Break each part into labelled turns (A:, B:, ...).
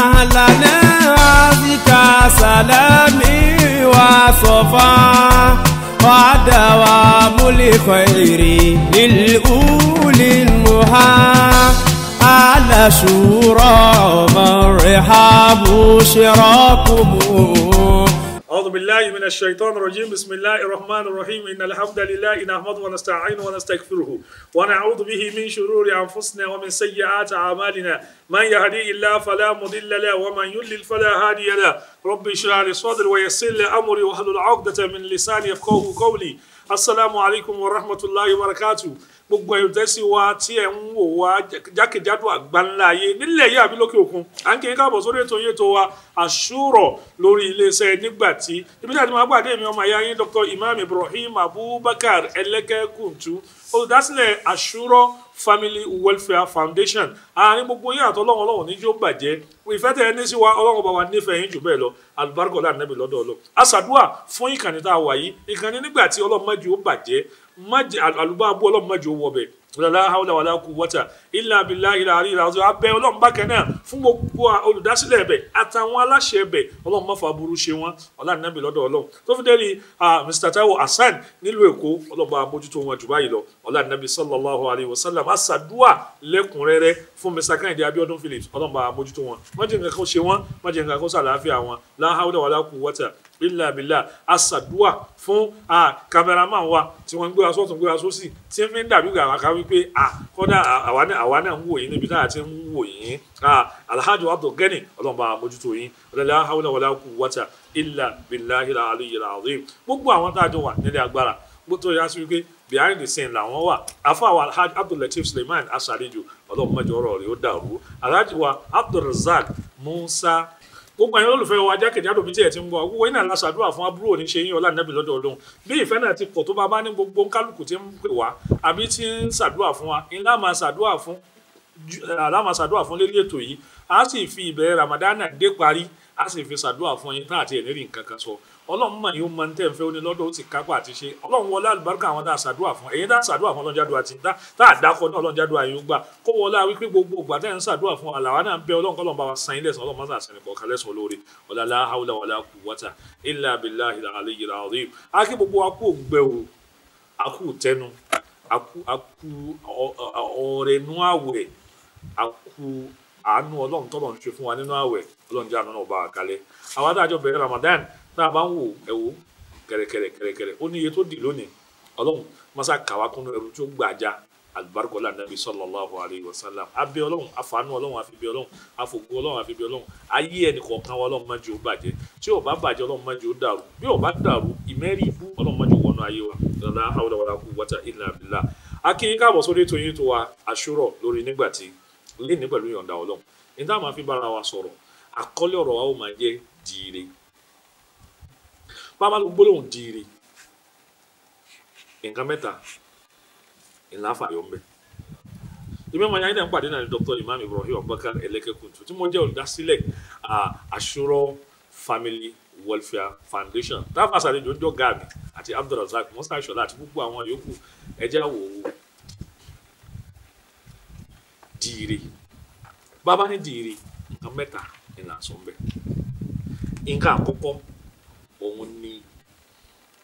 A: أهلا بك سلامي وصفا ودوام الخير للأولي المها على شورى مرحب شراكم أعوذ بالله من الشيطان الرجيم بسم الله الرحمن الرحيم إن الحمد لله نحمده ونستعينه ونستغفره ونعوذ به من شرور أنفسنا ومن سيئات أعمالنا من يهدي الله فلا مضل له ومن يضلل فلا هادي له رب اشرح لي صدري ويسر لي أمري واحلل عقدة من لساني يفقهوا قولي السلام عليكم ورحمة الله وبركاته gbogbo ẹ̀yọ́ tẹ́sí wa tí ẹ̀ ń wò wá jákèjádò àgbáńlá ayé nílẹ̀ yìí àbí lókè òkun à ń kí n káàbọ̀ sórí ètò yẹn tó wa àṣùrọ̀ lórí iléeṣẹ́ nígbàtí ibi tí a ti máa pàdé mi ọmọ ayáyín Dr. Imam Ibrahim Abubakar Ẹlẹ́kẹ́kùntù olùdásílẹ̀ àṣùrọ̀ Family Welfare Foundation àárín gbogbo yín àti ọlọ́run ọlọ́run níjó bàjẹ́ ìfẹ́ tẹ̀ ní sí wa ọlọ́run bá wa nífẹ̀ẹ́ yín jù bẹ́ẹ̀ lọ alùbáríkọ̀ láàrin nẹ́bí lọ́dọ̀ ọlọ́ àṣàdúà fún ìkànnì tá a wà yìí ìkànnì nígbà tí ọlọ́run mọ́jú bàjẹ́ májè àlùbá abú ọlọ́run májè owó ọbẹ̀ wàlá hawla wàlá quwwata illa billahi al-ali al-azim abẹ ọlọ́run bákan náà fún gbogbo olùdásílẹ̀ ẹ̀bẹ̀ àtàwọn aláṣẹ ẹ̀bẹ̀ ọlọ́run má fa burú ṣe wọn ọlá nàbì lọ́dọ̀ ọlọ́run tó fi dẹ́rì mr taiwo hasan nílùú èkó ọlọ́run bá mójútó wọn jù báyìí lọ ọlá nàbì sallallahu alayhi wa sallam asàdúà lẹ́kùnrẹ́rẹ́ fún mr kẹ́hìndé abiodun phillips ọlọ́run bá mójútó wọn má jẹ́ nǹkan kó ṣe wọn má kó ṣàlàáfíà wọn la hawla wàlá quwwata bílàbílà àṣàdúà fún kámẹ́rámàn wa tí wọ́n ń gbé wa sọ́tún gbé wa sósì tí ń fi ń dàbí gbàgbà ká wípé kọ́dà àwa náà ń wò yín níbi táà ti ń wò yín alhaji abdul gani ọlọ́mọba àmójútó yín ọlọ́lá hawla wala quwwata illa billahi aliyyil azim gbogbo àwọn tá a jọ wà nílẹ̀ agbára gbótó yá sí wípé behind the scene làwọn wà afáwa alhaji abdulatif suleiman asalejo ọlọ́mọdé ọ̀rọ̀ rẹ̀ gbogbo àyàn olùfẹ́ wa jákèjádò bíi tiẹ̀ ti ń gbọ́ gbogbo iná la ṣàdúrà fún àbúrò ní ṣe yín ọlá nẹ́bí lọ́dọ̀ ọlọ́run bí ìfẹ́ náà ti pọ̀ tó bá bá ní gbogbo kálukú ti ń pè wá àbí ti ń ṣàdúrà fún wa ńlá máa ṣàdúrà fún ńlá máa ṣàdúrà fún lélẹ̀ ètò yìí a sì fi ìbẹ̀rẹ̀ ramadana dé parí a sì fi ṣàdúrà fún yín tá àti ẹ̀ ọlọ́run mà ní ó mọ ní tẹ́ǹfẹ́ ó ní lọ́dọ̀ ó ti kápá àti ṣe ọlọ́run wọlé àlùbáríkà àwọn tá a ṣàdúrà fún ẹ̀yin tá a ṣàdúrà fún ọlọ́run àti tá a dákọ ní ọlọ́run jádùá yín gbà kó wọlé wípé gbogbo ògbà tẹ́ ń ṣàdúrà fún àlàwà náà ń bẹ ọlọ́run kọ́lọ́run bá wa san ilé ẹ̀sán ọlọ́run máa sàn ẹ̀kọ́ kalẹ̀ sọ lórí ọ̀là la hawla wala quwwata illa billahil aliyyil azim akí gbogbo akú òǹgbẹ o akú tẹnu akú akú ọ̀rẹ́nu àwẹ̀ akú àánú ọlọ́run tọ́lọ́run ṣe fún wa nínú àwẹ̀ ọlọ́run jẹ́ àánú náà bá wa kalẹ̀ àwọn adájọ́ bẹ̀rẹ̀ Ramadan tá a bá ń wò ẹ wò kẹ̀rẹ̀kẹ̀rẹ̀ kẹ̀rẹ̀kẹ̀rẹ̀ ó ní iye tó dì lónìí ọlọ́run masa kàwá kúnú ẹrú tó gbàjà alùbáríkọ́lá nàbí sallallahu alayhi wa sallam abẹ́ ọlọ́run àfàànú ọlọ́run àfi bí ọlọ́run àfògùn ọlọ́run àfi bí ọlọ́run ayé ẹnì kọ̀ọ̀kan wa ọlọ́run má jẹ́ ó bàjẹ́ tí ó bá bàjẹ́ ọlọ́run má jẹ́ ó dàrú bí ó bá dàrú ìmẹ́rì ibú ọlọ́run má jẹ́ ó wọnú ayé wa la hawla wala quwwata illa billah akínyín káàbọ̀ sórí ètò yìí tó wa àṣúrọ̀ lórí nígbà tí lé ní pẹ̀lú ìyọ̀ǹda ọlọ́run ní bára wa sọ̀rọ̀ àkọ́lé ọ̀rọ̀ wa ó máa jẹ́ dìire bàbá ló gbólóhùn diire nǹkan mẹ́ta ńlá fàyọ̀ mbẹ́ ìmọ̀ ìmọ̀ yàrá ìdàgbàdé náà ni Dr. Imam Ibrahim Abubakar Elekekuntu tí mo jẹ́ olùdásílẹ̀ àṣùrọ̀ family welfare foundation táwọn àṣàlejò ń jọ gàmì àti Abdulrasaq musa aṣọlá àti gbogbo àwọn yòókù ẹjẹ àwòwò dìrì bàbá ní dìrì nǹkan mẹ́ta ni là ń sọ mbẹ nǹkan àkọ́kọ́ òun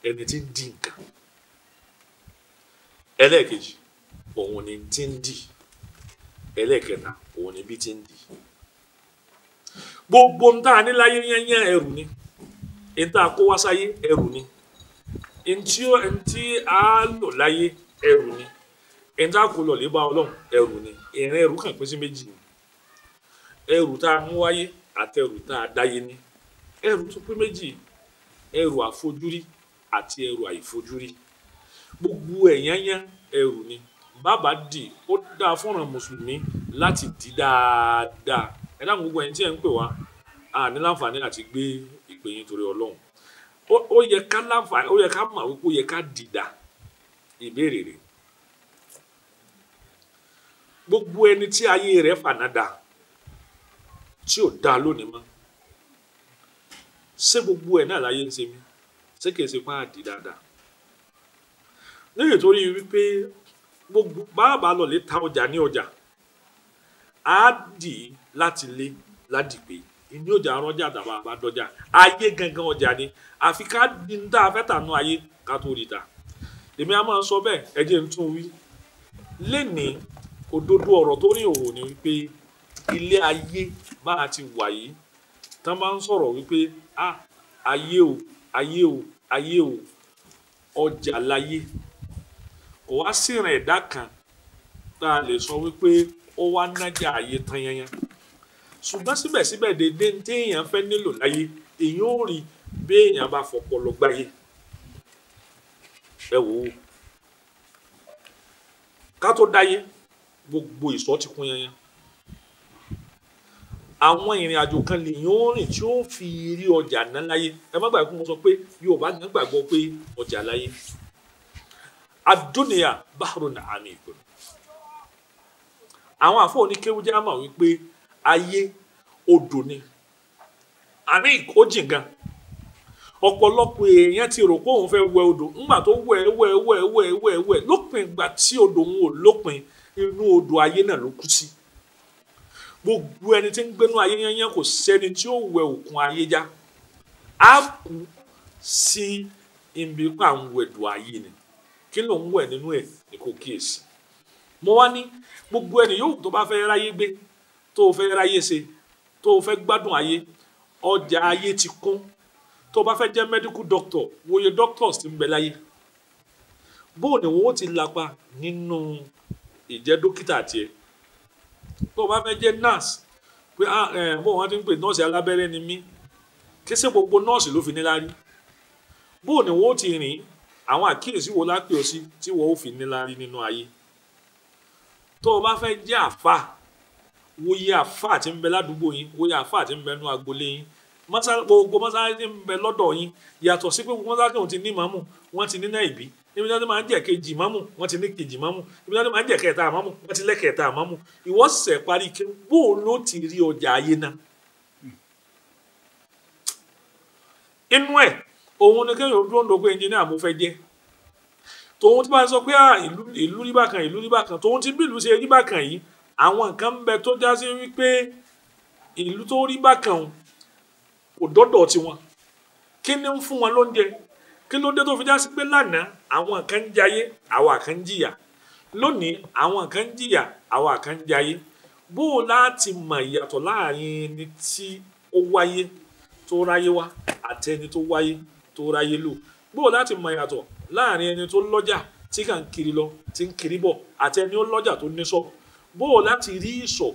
A: ẹni tí ń di nǹkan ẹlẹ́ẹ̀kejì òun ni tí ń di ẹlẹ́ẹ̀kẹta òun ni bí tí ń di gbogbo ń tá a ní láyé yẹnyẹn ẹrù ni ń tá a kó wá sáyé ẹrù ni ń tí a lò láyé ẹrù ni ń tá a kó lọ lè ọlọ́run ẹrù ni ìrìn ẹrù kàn pín sí méjì ni ẹrù tá a mú wáyé àtẹrù tá a dáyé ni ẹrù tó pín méjì ẹrù àfojúrí àti ẹrù àìfojúrí gbogbo ẹ̀yányán ẹrù ni bàbá dì ó dáa fọ́nrán mùsùlùmí láti dì dáadáa ẹ dáhùn gbogbo ẹni tí ẹ ń pè wá a ní láǹfààní àti gbé ìpè yín torí ọlọ́run ó yẹ ká láǹfààní ó yẹ ká mà wípé ó yẹ ká dìdà ìbéèrè rẹ̀ gbogbo ẹni tí ayé rẹ̀ fànádà tí ò dáa lónìí mọ́ ṣé gbogbo ẹ̀ náà láyé ń ṣe mí você quer se pàdé dáadáa wípé gbogbo bàbá lọ lè ta ọjà ní ọjà á dì í láti lé ládìgbé ìní ọjà rọjà tàbá bá dọjà ayé gangan ọjà ni àfi ká di ní tá a fẹ́ tà nú ayé ká tó rí ta èmi a máa sọ bẹ́ẹ̀ ẹ jẹ́ n tún wí òdodo ni wípé ilé ayé bá a ti wà yìí tán bá ń sọ̀rọ̀ wípé ah ayé o ayé o ayé o ọjà láyé kò wá sírìn ẹ̀dá kan tá a lè sọ wípé ó wá nájà ayé tán yanyan ṣùgbọ́n síbẹ̀síbẹ̀ dédé téèyàn fẹ́ nílò láyé èèyàn ò rí béèyàn bá fọpọlọ gbáyé ẹ wò ó ká tó dáyé gbogbo ìsọ ti kún yanyan àwọn ìrìn àjò kan lèyìn ó rìn tí ó fi rí ọjà ná láyé ẹ má gbàgbé mo sọ pé yorùbá ní gbàgbọ́ pé ọjà láyé adúnìyà bahrun amikun àwọn àfọ oníkéwújá mà wípé ayé odò ni àmì ó jìn gan ọ̀pọ̀lọpọ̀ èèyàn ti rò pé òun fẹ́ wẹ odò ńgbà tó wẹ wẹ wẹ wẹ wẹ wẹ lópin ìgbà tí odò òun ò lópin inú odò ayé náà ló kú sí. Si gbogbo ẹni tí ń gbénú ayé yányán kò sẹ́ni tí ó wẹ òkun ayé já á kú sí ibi pé à ayé ni kí ló ń wẹ̀ nínú ẹ̀ ní kò kíyèsí mo wá ní gbogbo ẹni yòówù tó bá fẹ́ ráyé gbé tó o fẹ́ ráyé ṣe tó o fẹ́ gbádùn ayé ọjà ayé ti kún tó o bá fẹ́ jẹ́ medical doctor wòye doctors ti ń bẹ láyé bóun ni wọn ti lapa nínú ìjẹ́ dókítà tiẹ̀ tó o bá fẹ́ jẹ́ nurse pé bó ah, eh, wọ́n ti ń pè nọ́ọ̀sì alábẹ́rẹ́ ni mí kí ṣe gbogbo nọ́ọ̀sì ló fi níláárí bó o ní wọ́n ti rìn àwọn àkíyèsí wo lápè o sí tí wọ́n ó fi níláárí nínú ayé tó o bá fẹ́ jẹ́ àfa wòye àfa àti ń bẹ ládùúgbò yín wòye àfa àti ń bẹ nú agboolé yín gbogbo mọ́sálásí ń bẹ lọ́dọ̀ yín yàtọ̀ sí pé gbogbo mọ́sálásí òun ti ní màmú wọ́n ti ní náà ìbí níbi tí wọ́n máa ń jẹ́ kejì mọ́mù wọ́n ti ní kejì mọ́mù níbi tí wọ́n máa ń jẹ́ kẹta mọ́mù wọ́n ti lẹ́kẹta mọ́mù ìwọ sẹ̀ parí kí bó o ló ti rí ọjà ayé náà. inú ẹ̀ òun ni kéèyàn dúró ń dogo ẹnjìníà mo fẹ́ jẹ́ tòun ti bá sọ pé ah, ìlú rí bákan ìlú rí bákan tòun ti bí ìlú ṣe rí bákan yìí àwọn nǹkan ń bẹ tó já sí wípé ìlú tó rí bákan kò dọ́dọ̀ tiwọn kí ni ń fún wọn lóúnjẹ kí ló dé tó fi já sí pé lánàá àwọn kan ń jayé àwa kan ń jìyà lónìí àwọn kan ń jìyà àwa kan ń jayé bó o láti mọ ìyàtọ̀ láàrin ẹni tí ó wáyé tó ráyé wá àti ẹni tó wáyé tó ráyé lò bó o láti mọ ìyàtọ̀ láàrin ẹni tó lọ́jà tí kàn kiri lọ tí ń kiri bọ̀ àti ẹni ó lọ́jà tó ní sọ bó o láti rí ìsọ̀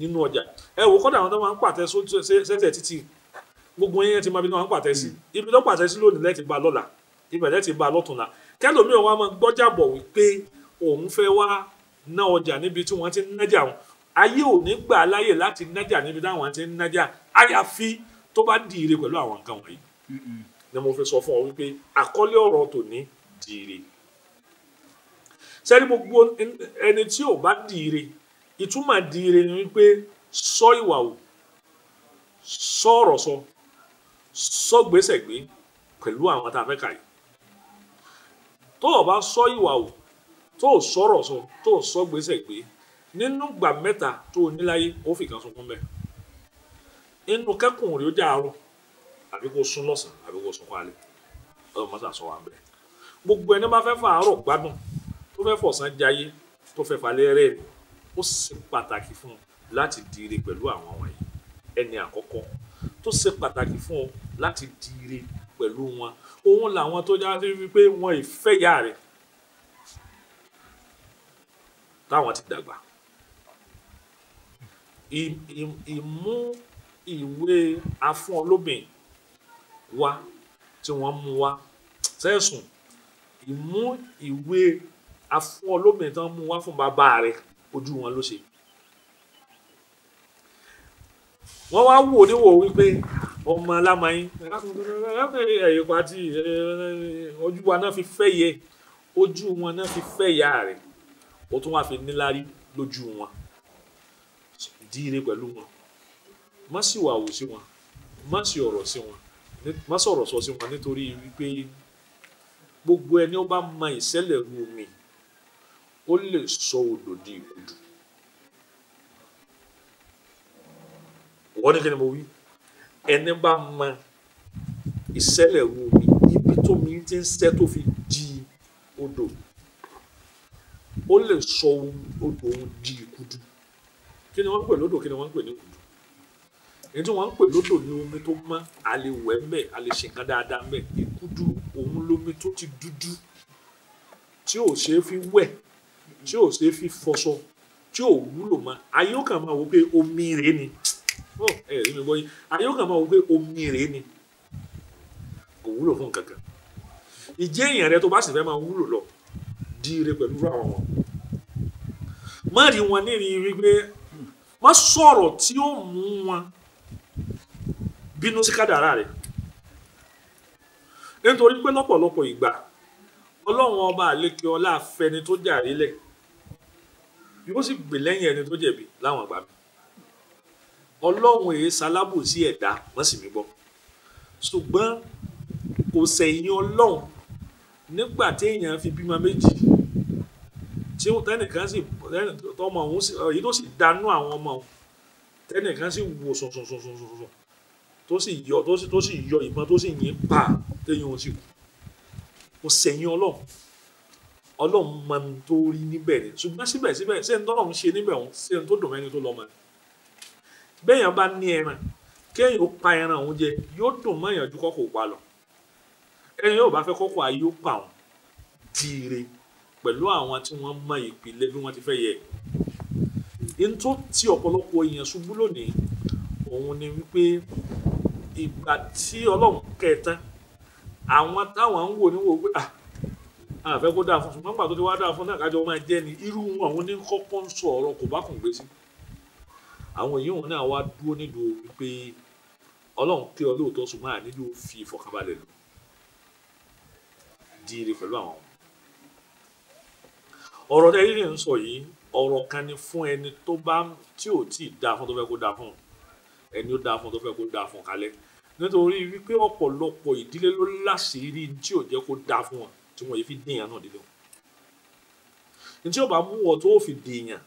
A: nínú ọjà ẹ wò kọ́dà àwọn tó máa ń pàtẹ sẹ́sẹ̀ títì gbogbo yẹn ti máa bí wọ́n pàtẹ sí ibi tó pàtẹ sí lónìí lẹ́ẹ̀tì gba lọ́la ibẹ̀ lẹ́ ti bá a lọ́tùnla kẹ́lòmíì wa máa gbọ́jà wípé òun fẹ́ wá ná ọjà níbi tí wọ́n ti ń nájà wọn ayé ò ní gbà láyè láti nájà níbi táwọn ti ń nájà àyàfi tó bá di pẹ̀lú àwọn nǹkan wọ̀nyí ni mo fi sọ fún ọ wípé àkọ́lé ọ̀rọ̀ tòní di sẹ́ni gbogbo ẹni tí ò bá di ìtumọ̀ di ni wípé sọ ìwà wò sọ ọ̀rọ̀ sọ sọ gbèsè pẹ̀lú àwọn tá a fẹ́ kà tó o bá sọ ìwà o tó o sọ̀rọ̀ sọ tó o sọ gbèsè gbé nínú ìgbà mẹ́ta tó o níláyé ó fi kan sunkún bẹ́ẹ̀ inú kẹ́kùn rí ó jẹ́ àárọ̀ àbí kó sún lọ́sàn-án àbí kó sunkún alẹ́ ọ̀rọ̀ mọ́tà sọ wà ń bẹ̀ gbogbo ẹni bá fẹ́ fà àárọ̀ gbádùn tó fẹ́ fọ̀sán jayé tó fẹ́ falẹ́ rẹ̀ ó ṣe pàtàkì fún un láti diire pẹ̀lú àwọn wọ̀nyí ẹni àkọ́kọ́ tó ṣe pàtàkì fún ọ láti diire pẹ̀lú wọn òun làwọn tó já wípé wọn ìfẹ́ ìyá rẹ̀ táwọn ti dàgbà ìmú ìwé afún olóbìn wa tí wọ́n mú wa sẹ́sùn ìmú ìwé afún olóbìn tí wọ́n mú wa fún bàbá rẹ̀ ojú wọn ló ṣe wọ́n wá wò níwò wípé ọmọ alámayín ẹ̀yìn pàtì ojú wa náà fi fẹ́ yẹ ojú wọn náà fi fẹ́ ìyá rẹ̀ ó tún wá fi níláárí lójú wọn díire pẹ̀lú wọn má sì wàwò sí wọn má sì ọ̀rọ̀ sí wọn má sọ̀rọ̀ sọ sí wọn nítorí wípé gbogbo ẹni ó bá mọ ìṣẹ̀lẹ̀ ru omi ó lè sọ odò di ìkudù wọ́n ní kí ni mo wí ẹni bá mọ ìṣẹ̀lẹ̀ wo mi ibi tó mi ti ń ṣẹ́ tó fi di odò ó lè sọ odò òun di ìkúdù kí ni wọ́n ń pè lódò kí ni wọ́n ń pè ní ìkúdù èyí tí wọ́n ń pè lódò ní omi tó mọ́ a lè wẹ̀ mẹ́ dáadáa mẹ́ ìkúdù òun lómi tó ti dúdú tí ò ṣe é fi wẹ̀ tí ò ṣe é fi fọṣọ tí ò wúlò mọ́ ayé ó kàn máa wò pé omi rèé ni ẹ ẹ mi gbọ́ yín àyẹ̀wò kan máa wọ pé omi rèé ni kò wúlò fún kankan ìjẹ́ èèyàn rẹ tó bá sì fẹ́ máa wúlò lọ di ire pẹ̀lú àwọn wọn má rí wọn ní rí wípé hmm, má sọ̀rọ̀ tí ó mú wọn bínú sí kádàrá rẹ̀ nítorí pé lọ́pọ̀lọpọ̀ ìgbà ọlọ́run ọba àlékè ọlá afẹni tó jàre lẹ̀ yóò sì gbè lẹ́yìn ẹni tó jẹ̀bi láwọn àgbà mi ọlọ́run èé ṣalábòsí ẹ̀dá wọ́n sì mí gbọ́ ṣùgbọ́n kò sẹ̀yìn ọlọ́run nígbà téèyàn fi bímọ méjì tí tẹnìkan sì tọmọ òun sì èyí tó sì dánú àwọn ọmọ òun tẹnìkan sì wò sọ̀sọ̀sọ̀sọ̀sọ̀ tó sì yọ tó sì yọ ìbọn tó sì yìn pa téèyàn ò sì kú kò sẹ̀yìn ọlọ́run ọlọ́run mọ tó rí níbẹ̀ rẹ̀ ṣùgbọ́n síbẹ̀síbẹ̀ ṣé ń tọ́lọ́run ṣe níbẹ̀ òun ṣé tó dùn mẹ́ni tó lọ́mọ rẹ̀ béèyàn bá ní ẹran kéèyàn ó pa ẹran òun jẹ yóò dùn mọ́yàn ju kọ́kọ́ pa lọ ẹ̀yìn yóò bá fẹ́ kọ́kọ́ ayé ó pa òun jíire pẹ̀lú àwọn tí wọ́n mọ ìpìlẹ̀ bí wọ́n ti fẹ́ yẹ n tó ti ọ̀pọ̀lọpọ̀ èèyàn ṣubú lónìí òun ni wípé ìgbà tí ọlọ́run kẹta àwọn táwọn ń wò ní wò pé à àfẹ́ kó dáa fún ṣùgbọ́n pàtó tí wàá dáa fún náà kájọ máa jẹ́ ni irú wọn òun ní kọ́kọ́ ń sọ ọ̀rọ̀ kò bá kùn gbé sí i àwọn yìí náà wá dúró nídùú wípé ọlọ́run pé ọ lóòótọ́ ṣùgbọ́n ànílò fi ìfọ̀kànbalẹ̀ lò díire pẹ̀lú àwọn ọmọ ọ̀rọ̀ tẹ́ rírì ń sọ yìí ọ̀rọ̀ kan ni fún ẹni tó bá tí ò tí ì dáa fún tó fẹ́ kó dáa fún ẹni ó dáa fún tó fẹ́ kó dáa fún kalẹ̀ nítorí wípé ọ̀pọ̀lọpọ̀ ìdílé ló láṣìírí tí ò jẹ́ kó dáa fún wọn tí wọ́n yìí fi dín náà dídùn ní tí ó bá mú wọ tó fi dèèyàn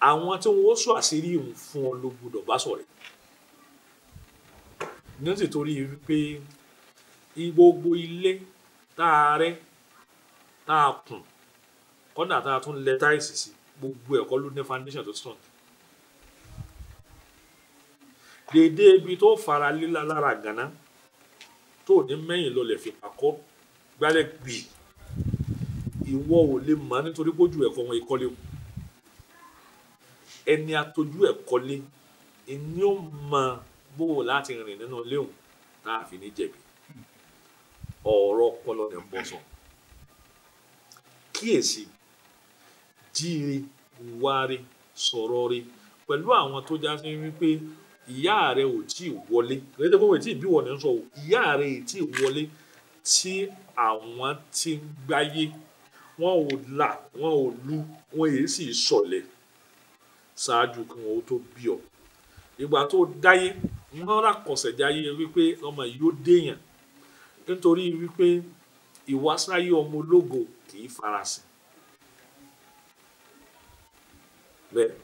A: àwọn tí wọn ó sọ àṣírí òun fún ọ ló gbọ́dọ̀ bá sọ̀rọ̀ ní sì torí wípé gbogbo ilé tá a rẹ tá a kùn kọ́nà tá a tún lẹ táìsì sí gbogbo ẹ̀kọ́ ló ní foundation tó strong dèdè ibi tó fara líla lára gànà tó ní mẹ́yìn lọ lè fi pàkọ́ gbálẹ̀ gbì ìwọ ò lè mọ̀ nítorí pójú ẹ̀fọ́ wọn ìkọ́lé wù ẹni atojú ẹ̀ kọ́lé ni ó mọ bó o láti rìn nínú ilé òun tá a fi ní jẹ̀bi ọ̀rọ̀ ọpọlọ rẹ̀ ń bọ̀ sọ kíyèsí jíire wáre sọ̀rọ̀ rẹ̀ pẹ̀lú àwọn tó já sí wípé ìyá rẹ̀ ò tí ì wọlé rẹ̀ tẹ́kọ̀ọ́ tí ì bí ń sọ ìyá rẹ̀ ò tí ì wọlé tí àwọn ti ń gbáyé wọn ò là wọn ò lu wọn èyí sì sọ̀lẹ̀. ṣáájú kí wọn ó tó bí ọ ìgbà tó dáyé mọ́ra kọ̀sẹ̀ dáyé wípé ọmọ yìí ó déyàn nítorí wípé ìwásáyé ọmọ ológo kì í farasin bẹ́ẹ̀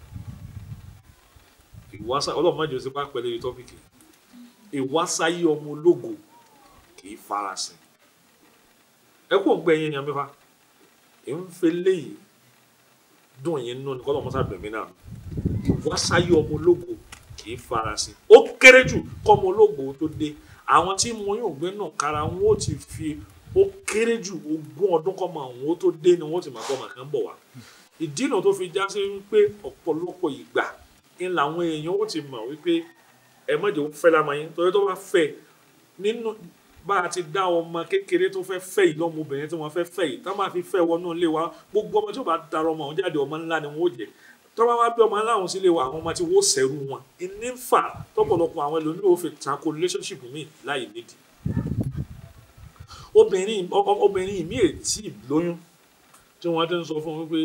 A: ìwásá ọlọ́run má jẹ́ òsínpá pẹ̀lú èyí tọ́pìkì ọmọ ológo kì í farasin ẹ ń léyìí dùn yín ìwásáyé ọmọ ológo kì í farasin ó kéré jù kọ́mọ ológo tó dé àwọn tí mo yàn gbé náà kára wọn ó ti fi ó kéré jù ogún ọdún kọ́mọ àwọn ó tó dé ni wọ́n ti máa kọ́ màkàn bọ̀ wá ìdí náà tó fi já sí wípé ọ̀pọ̀lọpọ̀ ìgbà ń làwọn èèyàn ó ti mọ̀ wípé ẹ má jẹ́ ó fẹ́ lámọ yín torí tó bá fẹ́ nínú bá a ti dá ọmọ kékeré tó fẹ́ fẹ́ yìí lọ́mọbìnrin tí wọ́n fẹ́ fẹ́ yìí tá máa fi fẹ́ wọnú ilé wa gbogbo ọmọ tí ó bá darọ ọmọ òun jáde ọmọ ńlá ni wọ́n ó jẹ́ tọ́wọ́ wá bí ọmọ aláwọn sílé wa àwọn ọmọ tí wọ́n sẹ́rù wọn ìní ń fà tọ́pọ̀lọpọ̀ àwọn ẹlòmíràn ò fi tako relationship mi láì nídìí obìnrin obìnrin mi è tí ì lóyún tí wọ́n ti ń sọ fún mi pé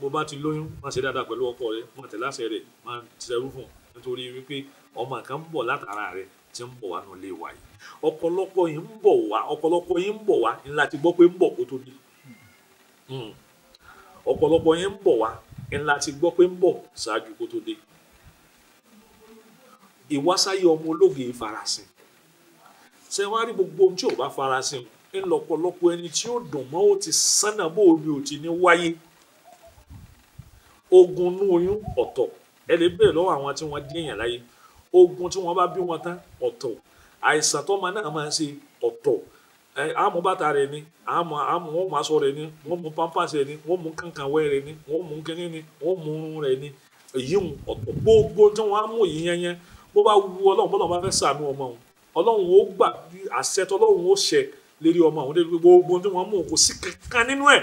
A: mo bá ti lóyún má ṣe dáadáa pẹ̀lú ọkọ rẹ má tẹ̀ láṣẹ rẹ má sẹ́rù fún nítorí wípé ọmọ kan ń bọ̀ látara rẹ ti ń bọ̀ wá nù lé wa yìí ọ̀pọ̀lọpọ̀ yìí ń bọ̀ wá ọ̀pọ̀lọpọ̀ yìí ń bọ̀ wá ńlá ti gbọ́ pé ń bọ̀ kó tó dé hmm. ọ̀pọ̀lọpọ̀ yìí ń bọ̀ wá ńlá ti gbọ́ pé ń bọ̀ ṣáájú kó tó dé ìwásáyé ọmọ ológe farasin ṣe wá rí gbogbo ohun tí ò bá farasin ńlọ́pọ̀lọpọ̀ ẹni tí ó dùn mọ́ ó ti sánà bó omi ò ti ní wáyé ogun inú oyún ọ̀tọ̀ ẹ lè bèèrè lọ́wọ́ àwọn tí wọ́n dín èèyàn láyé ogun tí wọ́n bá bí wọn tán ọ̀tọ̀ àìsàn tó máa náà máa ṣe ọ̀tọ̀ Eh, amụ bàtà bata ni amu amu wọn a aṣọ rẹ ni wọn mú pampers rẹ ni wọn mú kankanwẹ a ni wọn mú a ni gbogbo tí wọn a yìí yẹn yẹn bó bá wu bá fẹ ọmọ ọmọ òun gbogbo tí wọn mú kò sí kankan nínú ọmọ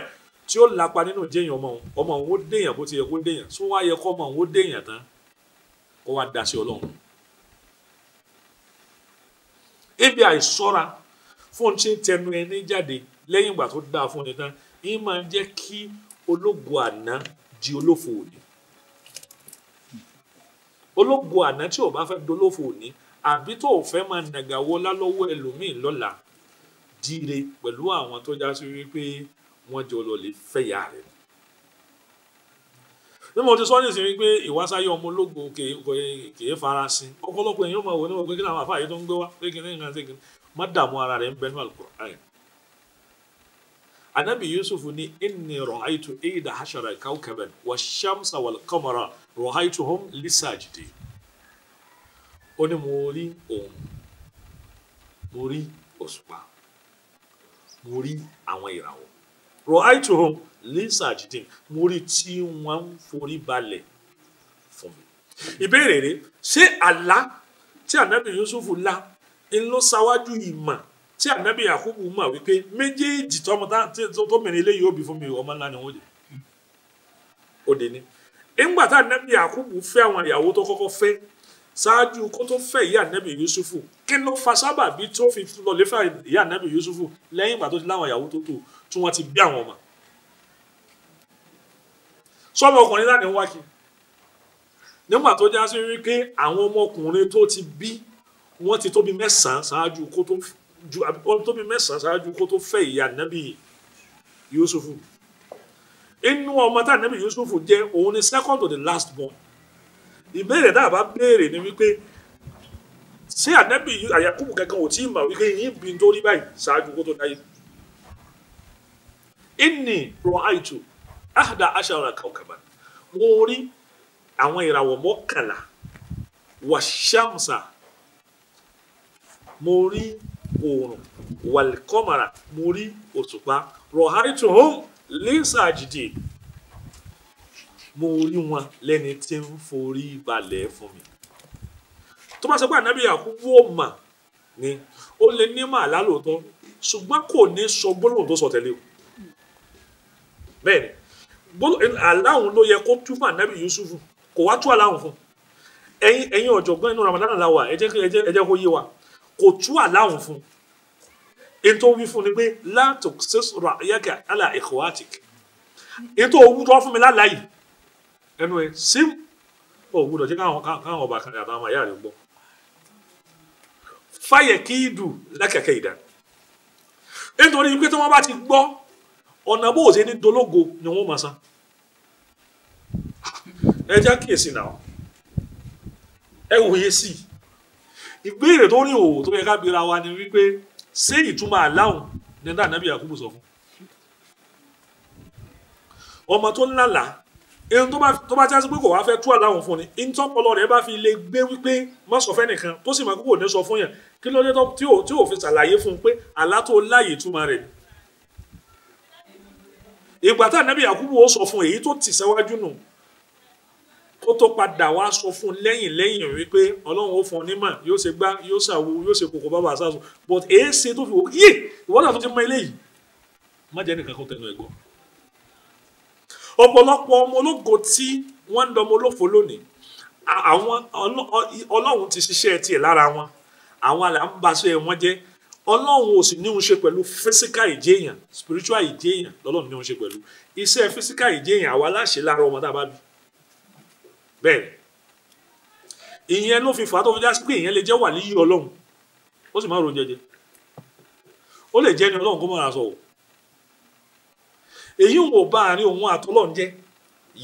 A: òun ọmọ òun ó déyàn bó ọmọ òun ó déyàn tán kó wá fóńṣe tẹnu ẹni jáde lẹ́yìn ìgbà tó dáa fún ẹni tán yín máa ń jẹ́ kí ológo àná di olófò òní ológo àná tí o bá fẹ́ dolófò òní àbí tó o fẹ́ máa nàgàwọ́ lálọ́wọ́ ẹlòmíì lọ́la díire pẹ̀lú àwọn tó já sí wípé wọ́n jọ lọ lè fẹ́yà rẹ̀ ní mo ti sọ ní ìsinmi pé ìwásáyé ọmọ ológo kèé farasin ọ̀pọ̀lọpọ̀ èèyàn máa wọ wọn pé kí làwọn àfáàyè tó ń gbé wá pé kí ní nǹkan ṣe kí ní má dààmú ara rẹ̀ ń bẹ nínú alukur'an anabi yusuf ní inni rọ̀haitu ida hashara kawkaban wa shamsa wal kamara rọ̀haitu hom lisajidi ó ní mo rí òun mo rí òṣùpá mo rí àwọn ìràwọ̀ rọ̀haitu hom lisajidi mo rí tí wọ́n forí balẹ̀ fún mi ìbéèrè rẹ̀ ṣé àlá tí anabi yusuf lá ńlọ ṣáwájú ìmọ̀ tí ànábì Yakubu mọ̀ wípé méjèèjì tọmọ tó mẹ́rin eléyìí ó bí fún mi ọmọ ńlá ni wọ́n jẹ́ ó dé ní. ńgbà tá ànábì Yakubu fẹ́ àwọn ìyàwó tó kọ́kọ́ fẹ́ ṣáájú kó tó fẹ́ ìyá ànábì Yusufu kí ló fa sábàbí tó fi lọlé fẹ́ ìyá ànábì Yusufu lẹ́yìn ìgbà tó ti láwọn ìyàwó tó tó tí wọ́n ti bí àwọn ọmọ. sọ́mọ ọkùnrin láti wá kí nígbà tó já sí wípé àwọn ọmọkùnrin tó ti bí wọ́n ti tó bí mẹ́sàn-án ṣáájú kó tó ju wọ́n tó bí mẹ́sàn-án ṣáájú kó tó fẹ́ ìyá nábì Yusufu inú ọmọ tá nábì Yusufu jẹ́ òun ni second to the last born ìbéèrè tá a bá béèrè ni wípé ṣé ànábì àyàkùbù kankan ò tí ì mà wípé yín bí n tó rí báyìí ṣáájú kó tó dáyé inni ra'aytu ahda ashara kawkaban mo rí àwọn ìràwọ̀ mọ́kànlá wa shamsa mo rí oòrùn wàlíkọ́màrà mo rí òṣùpá rọ̀hárí tó hóm lẹ́sàájìdì mo rí wọn lẹ́ni tí ń forí balẹ̀ fún mi tó bá sọ pé ànábì Yakubu ó ni ó lè ní màálá lóòótọ́ ṣùgbọ́n kò ní sọ gbólóhùn tó sọ tẹ́lẹ̀ o bẹ́ẹ̀ ni aláhùn ló yẹ kó túmọ̀ ànábì Yusufu kò wá tú aláhùn fún ẹ̀yin ọ̀jọ̀gbọ́n inú Ramadan làwà ẹ jẹ́ kó yé wa kò tú àláwọn fún ètò wí fún ni pé látò sẹ́sọ̀rọ̀ ayẹ́kẹ́ alá ikhwatik ètò owó tó fún mi láláyìí ẹnu ẹ sí òwúrọ̀ jẹ́ káwọn ọba kan àtàwọn ọmọ ìyá rẹ̀ gbọ́ fàyè kí dù lákẹ̀kẹ́ ìdá nítorí pé tí wọ́n bá ti gbọ́ ọ̀nà bó ṣe ní dológo ni wọ́n máa san ẹ já kíyèsí náà ẹ wòye sí i ìbéèrè tó ní òwò tó yẹ ká bira wa ni wípé ṣé ìtumọ̀ aláhùn ní ẹ̀dá ànábì Yakubu sọ fún ọmọ tó lálà ẹni tó bá já pé kò wá fẹ́ tú aláhùn fún ni ìtọ́pọlọ rẹ̀ bá fi lè gbé wípé má sọ fẹ́nìkan tó sì máa kúkò ní sọ fún yàn kí ló dé tí ò fi ṣàlàyé fún un pé àlá tó láàyè túmọ̀ rẹ̀ ìgbà tá ànábì Yakubu ó sọ fún èyí tó tì sẹ́wájú nù ó tó padà wá sọ fún lẹ́yìn lẹ́yìn wípé ọlọ́run ó fún ọ nímọ̀ yóò ṣe gbá yóò ṣàwo yóò ṣe kòkò bàbà àṣàṣù but èé ṣe tó fi wò yé ìwọ́n náà tó ti mọ eléyìí má jẹ́ nìkan kó tẹnu ẹ̀ gbọ́. ọ̀pọ̀lọpọ̀ ọmọ ológo tí wọ́n ń dọmọ olófo lónìí àwọn ọlọ́run ti ṣiṣẹ́ tiẹ̀ lára wọn àwọn àlà ń wọn jẹ́ ọlọ́run ò sì ní òun ṣe pẹ̀lú physical ìjéèyàn spiritual ìjéèyàn lọ́lọ́run ní òun ṣe pẹ̀lú iṣẹ́ physical ìjéèyàn àwa láṣẹ lára ọmọ tá a bá bí bẹ́ẹ̀ ìyẹn ló fi fà á tó fi já sí pé ìyẹn lè jẹ́ wà níyì ọlọ́run ó sì máa ronú jẹjẹ ó lè jẹ́ ní ọlọ́run kó máa sọ o èyí ń wò bá àárín òun àtọ́lọ́run jẹ́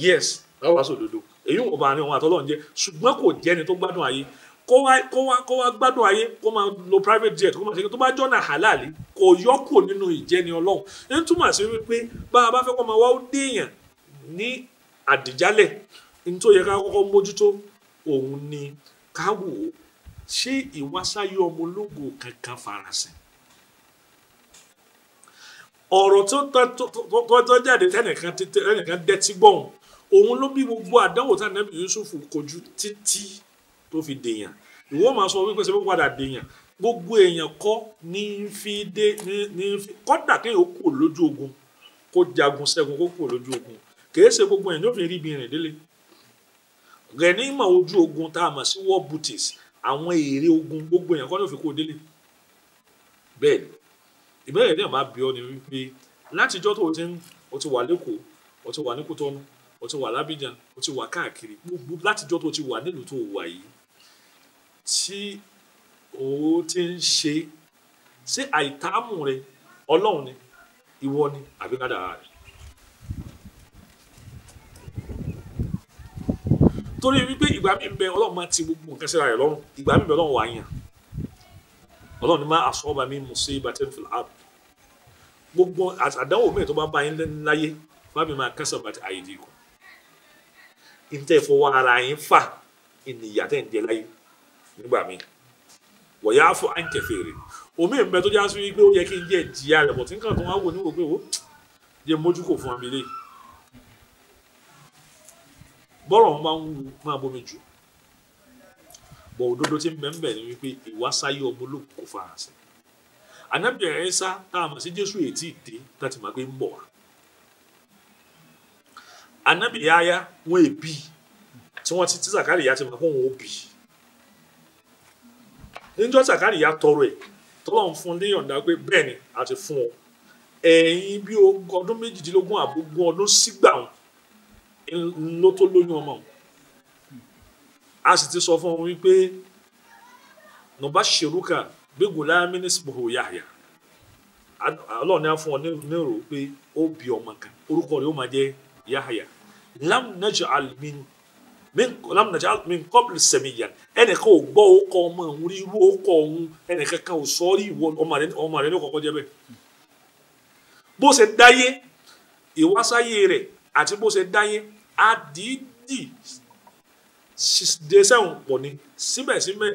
A: yes láwọn aṣọ òdodo èyí ń wò bá àárín òun àtọ́lọ́run jẹ́ ṣùgbọ́n kò jẹ́ni tó gbádùn ayé kó wá kó wá kó wá gbádùn ayé kó máa lo private jet kó máa ṣe tó bá jọ́nà halali kò yọkù nínú ìjẹni ọlọ́run ní túmọ̀ sí wípé bá a bá fẹ́ kó máa wá ó déèyàn ní àdìjálẹ̀ n tó yẹ ká kọ́kọ́ mójútó òun ni ká wò ó ṣé ìwásáyé ọmọ ológo kankan farasin ọ̀rọ̀ tó tọ́ jáde tẹ́nìkan tẹ́nìkan dẹ́tí gbọ̀hún òun ló bí gbogbo àdánwò tá nàbì Yusuf kojú títí tó fi dèèyàn ìwọ máa sọ wípé sẹ́fẹ́ padà dèèyàn gbogbo èèyàn kọ́ ní fi dé ní fi kọ́dà kéèyàn kúrò lójú ogun kó jagun ṣẹ́gun kó kúrò lójú ogun kèé ṣe gbogbo èèyàn ló fi rí ibi rìn délé gẹ̀nìmọ̀ ojú ogun tá a mọ̀ sí war booties àwọn èrè ogun gbogbo èèyàn kọ́ ló fi kó o délé bẹ́ẹ̀ ni ìbéèrè náà máa bí ọ ni wípé látijọ́ tó o ti ń o ti wà lẹ́kọ̀ọ́ o ti wà ní Kútọ́nù o ti wà lábíjan o ti wà káàkiri gbogbo látijọ́ tó o ti wà nílùú tó o wà yìí tí o ti ń ṣe ṣé àìtààmù rẹ ọlọ́run ni ìwọ ni àbí kádàrá rẹ. torí wípé ìgbà mi ń bẹ ọlọ́run máa ti gbogbo nǹkan síra rẹ̀ lọ́rùn ìgbà mi bẹ ọlọ́run wà yàn ọlọ́run ni máa asaba min musibatin fil ard gbogbo àdánwò mẹ́rin tó bá bá yín láyé bábí máa kasabat aydikum níta ìfọwọ́ ara yín fà ìnìyà tẹ̀ ń jẹ láyé nígbà mi wọ̀yá fún àǹkẹ́fẹ̀rẹ̀ omi ìbẹ́ tó já wípé ó yẹ kí n jẹ́ ìjìyà rẹ̀ bọ̀ tí nǹkan tó wá wò ní wò pé ó jẹ́ mójúkò fún abilé yìí gbọ́rọ̀ wọn máa ń máa bomi jù bọ̀ òdodo tí ń bẹ̀ ń bẹ̀ ni wípé ìwà sáyé ọmọ olóògùn kò farasin ànábì Ìsá tá a mọ̀ sí Jésù ètí ìdè ti ń bọ̀ wá ànábì Yáyá wọn èbí ti ya ti tọrọ fún pé ni fún ọ bí ọdún méjìdínlógún ọdún sígbà wọn ló tó lóyún ọmọ a sì ti sọ fún ọ wípé nùbá ṣerúkà gbégùnlá mínísìpò yàyà ọlọ́run ní a fún nírò pé ó bí ọmọ kan orúkọ rẹ̀ ó máa jẹ́ yàyà lam naj'al min lam naj'al min qabl samiyyan ẹnìkan ò gbọ́ ọkọ ọmọ òun rí irú ọkọ òun ẹnìkan kan ò sọ rí ìwọ ọmọ rẹ̀ ní kọ́kọ́ jẹ́ bẹ́ẹ̀ bó ṣe dáyé ìwásáyé rẹ̀ àti bó ṣe dáyé àdídì de sẹ́wọ̀n pọ̀ ni síbẹ̀síbẹ̀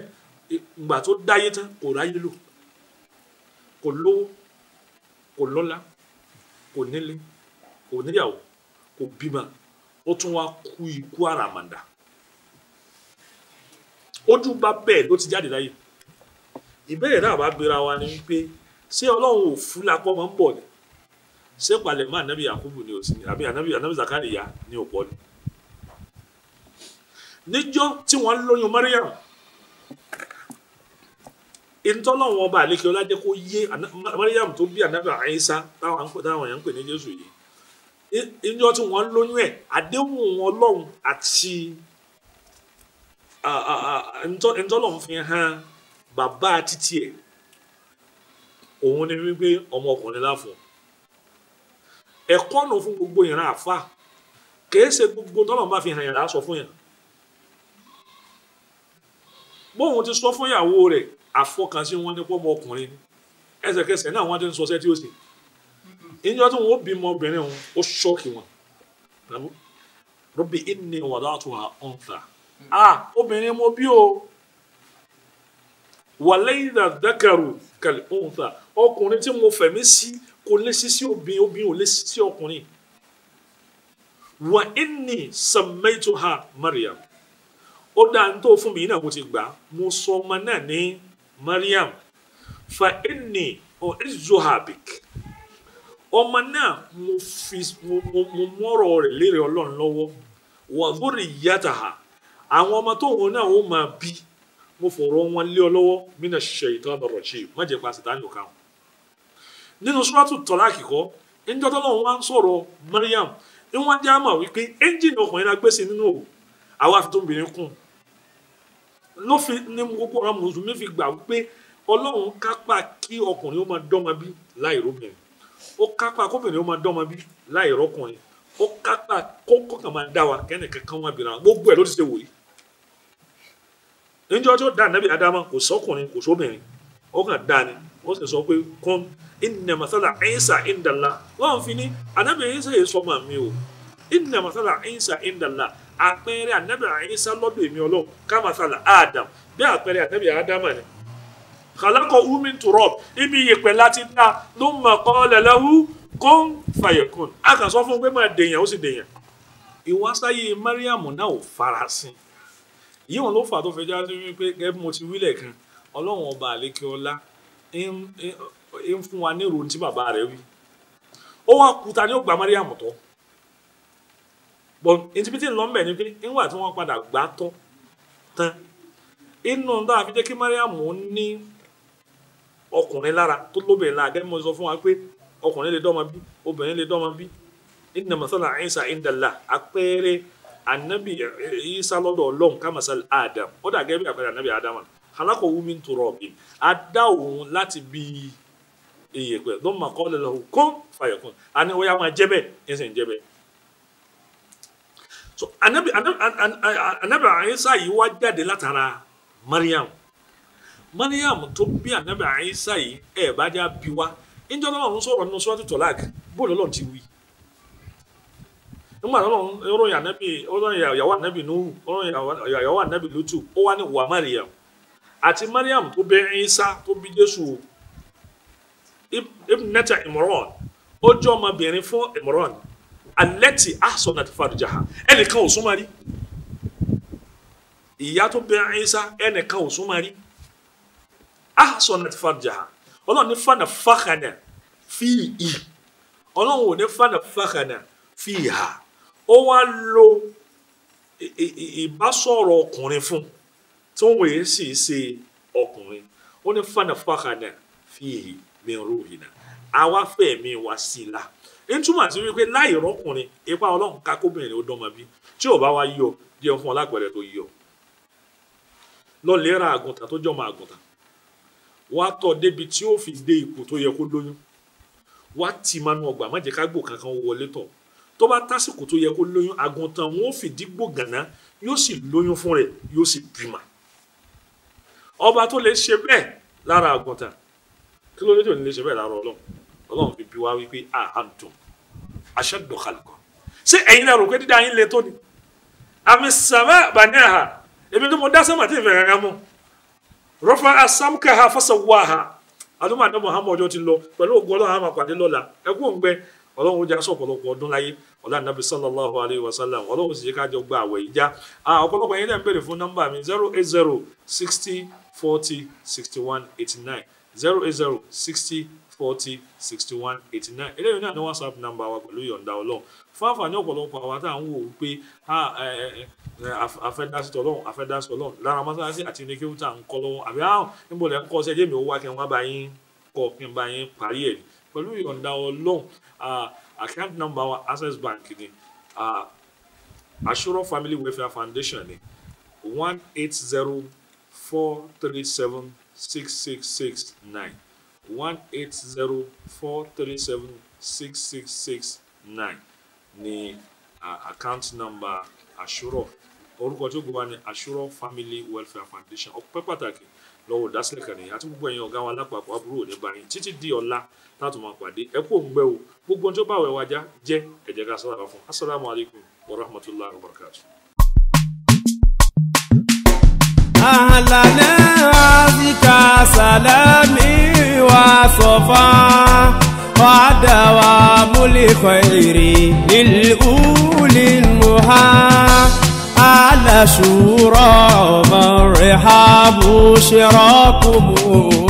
A: ìgbà tó dáyé tán kò ráyé lò kò lówó kò lọ́lá kò nílé kò níyàwó kò bímọ ó tún wá kú ikú àràmàǹdà ojú bá bẹ́ẹ̀ ló ti jáde láyé ìbéèrè náà bá gbéra wa ni wípé ṣé ọlọ́run ò fún lakọ́ máa ń bọ̀ ni ṣé palẹ̀mọ́ ànábì yakubu ni òsì ni anabi anabi ànábì ya ni òpó ni. níjọ́ tí wọ́n lóyún mariam ìtọ́lọ́wọ́n ọba àlékè ọlájẹ kó yé mariam tó bí ànábì àyíṣá táwọn èèyàn ń pè ní jésù yìí níjọ́ tí wọ́n lóyún ẹ̀ àdéhùn ọlọ́run àti ntọ́lọ́run fi hàn bàbá títí ẹ̀ òun ni wípé ọmọkùnrin láfọ̀ọ́ ẹ̀kọ́ nù fún gbogbo ìran àfa kìí ṣe gbogbo tọ́lọ̀ bá fi hàn yàrá sọ fún yàn bóun ti sọ fún ìyàwó rẹ̀ àfọkànsí wọn ní pọ́mọ ọkùnrin ẹsẹ̀kẹsẹ̀ náà wọ́n ti ń sọ sẹ́tí òsì ìjọ tí wọn ó bímọ obìnrin wọn ó ṣọ́ọ̀kì wọn rọ́bì ìní wada'tuha untha a obìnrin mo bí o wa laysa dhakaru kal untha ọkùnrin tí mo fẹ̀mí sí. Si, kò lè sisi obìnrin obìnrin ò lè sisi ọkùnrin wà inni sàmẹ́tò ha Mariam ó dá n fún mi yìí náà mo ti gbà mo sọ ọmọ náà ní Mariam fa inni ọ izuhabik ọmọ náà mo fi mo mọ̀rọ̀ rẹ̀ lérè ọlọ́run lọ́wọ́ wà lórí ha àwọn ọmọ tó wọn náà ó máa bí mo fọ̀rọ̀ mina shaytan rajim má jẹ́ pa sàtánì nínú sùràtù tọ́láàkì kọ́ ẹnjọ́ tó ń sọ̀rọ̀ Mariam ni wọ́n já mà wípé ẹ́ńjìnì ọkùnrin la gbé sí nínú òwò àwa fi tó obìnrin kùn ló fi ní gbogbo àwọn mùsùlùmí fi gbà wípé ọlọ́run kápá kí ọkùnrin ó máa dọ́mọ bí láì róbìnrin ó kápá kóbìnrin ó máa dọ́mọ bí láì rọ́kùnrin ó kápá kókó kan máa dá wa kẹ́nìkan kan wá bìnrin gbogbo ẹ̀ ló ti ṣe wòye níjọ́ tó dá nàbì kò sọ́kùnrin kò sóbìnrin ó kàn dá ni wọ́n sì sọ pé kún inna mathala Isa indala lọ́n fi ní anabi Isa yìí sọ́mọ mi o inna mathala Isa indala àpẹẹrẹ anabi Isa lọ́dọ̀ èmi ọlọ́run ká mathala Adam bí àpẹẹrẹ anabi Adama ni kàlákọ̀ umin turab ibi ìyẹ̀pẹ̀ láti dá ló ń mọ̀ kọ́ lẹ́lẹ́wú kún fàyẹ̀kùn a kàn sọ fún pé máa dèèyàn ó sì dèèyàn ìwásáyé Mariam náà ò farasin yíwọn ló fà tó fẹjá sí wípé gẹ́gẹ́ mo ti wí lẹ́ẹ̀kan ọlọ́run ọba àlékè ọlá ń fún wa ní ìròyìn tí bàbá rẹ̀ wí ó wá ta ní ó gba Mariam tọ́ bọ́n ìtìbítì lọ́nbẹ̀ ni pé nígbà tí wọ́n padà gbà tọ́ tán inú ọ̀dọ́ àfi kí Mariam ní ọkùnrin lára tó lóbìnrin lára gẹ́gẹ́ mo sọ fún wa pé ọkùnrin lè bí obìnrin lè bí masala indala anabi Isa Adam ó dà bí anabi Adam khalaqahu min turabin a dá òun láti bí iyẹ̀pẹ̀ thumma qala lahu kun fayakun a ní ọ̀yà máa jẹ́ bẹ́ẹ̀ ẹ̀sẹ̀ ń jẹ́ bẹ́ẹ̀. so anabi anabi Isa yìí wá jáde látara Mariam Mariam tó bí anabi Isa yìí ẹ̀ bá já bí wá ìjọba ọ̀hún sọ̀rọ̀ nínú sọ́wọ́tì tọ́lák bóòlù ọlọ́run ti wí nígbà tó ń ròyìn Anabi ó ròyìn àyàwó Anabi nùhù ó ròyìn àyàwó ànábì lùtù ó wá ní wà Mariam àti mariam tó bẹ ẹyinsa tó bí jésù ibnata imran ó jẹ́ ọmọbìnrin fún imran alẹ́tì ahsanat farjaha ẹnìkan ò súnmọ́ rí ìyá tó bẹ ẹyinsa ẹnìkan ò súnmọ́ rí ahsanat farjaha ọlọ́run ní fana fàkànà fi ì ọlọ́run ò ní fana fàkànà fi hà ó wá lo ìbásọ̀rọ̀ ọkùnrin fún un tí wọ́n yẹn sì ń ṣe ọkùnrin ó ní fanafahana fìhì mẹ́rù hìnà àwa fẹ̀mí wa sí i la ìtumọ̀ àti wípé láì rọ́kùnrin ipa ọlọ́run ká kóbìnrin ó dánmọ bí tí ò bá wá yọ díẹ̀ fún ọlápẹ̀rẹ̀ tó yọ lọ́lẹ́ra àgùntàn tó jọmọ àgùntàn wá tọ́ débi tí ó fi dé ipò tó yẹ kó lóyún wá tì manú ọgbà má jẹ́ ká gbò kankan wọlé tọ̀ tó bá tásìkò tó yẹ kó lóyún àgùntàn wọn ò fìdí gbò gànà yóò sì lóyún fún rẹ̀ yóò sì bímọ ọba tó lè ṣe bẹ́ẹ̀ lára àgùntàn kí ló dé tó lè ṣe bẹ́ẹ̀ lára ọlọ́run ọlọ́run fi bí wá wípé àhántùn ashaddu ṣé ẹ̀yin náà rò pé dídá yín le tó ni àmì sàmà banaha èmi tó mo dá ìfẹ́ mọ́ rọ́fà ti lọ pẹ̀lú lọ́la ẹ̀kú òǹgbẹ́ ọlọ́run ó jẹ́ aṣọ ọ̀pọ̀lọpọ̀ ọdún láyé ọ̀la nàbí sallallahu alayhi wa sallam ọlọ́run sì yẹ ká jọ gba àwẹ̀ ìjà ọ̀pọ̀lọpọ̀ yẹn náà ń béèrè fún nọ́mbà mi zero eight zero sixty forty sixty one eighty nine zero eight zero sixty forty sixty one eighty nine eléyìí náà ní whatsapp nọ́mbà wa pẹ̀lú ìyọ̀ǹda ọlọ́run fún àǹfààní ọ̀pọ̀lọpọ̀ àwa tá à ń wò ó pé afẹ́dásí tọ́lọ́run afẹ́dásí ọlọ́run lára mọ́sálásí àti ní kéwù tá à ń kọ́ lọ́wọ́ àbí àwọn níbo lẹ́ ń kọ́ sí ẹjẹ́ mi ó wá kí n wá bá yín kọ́ kí n bá yín parí ẹ̀ ni pẹ̀lú ìyọ̀ǹda ọlọ́run account number wa access bank ni asuro family welfare foundation ni one eight zero four three seven six six six nine one eight zero four three seven six six six nine ni account number asuro orúkọ tó gbọ́ wa ni asuro family welfare foundation ọpẹ́ pàtàkì lọ́wọ́ olùdásílẹ̀ kànìyàn àti gbogbo ẹ̀yin ọ̀gá wa lápapọ̀ aburú òní báyìí títí di ọ̀la táàtò máa pàdé ẹ kú òǹgbẹ o gbogbo ohun tó bá wẹ̀ wájá jẹ́ ẹ jẹ́ ká sára fún assalamu alaikum wa rahmatullahi wa barakatuh. àlàlẹ́ àzìkà sàlámì wà sọ̀fà wàdà wà múlẹ̀ kọ́ èrè nílùú lè mú ha. على شورى من رحاب شراكم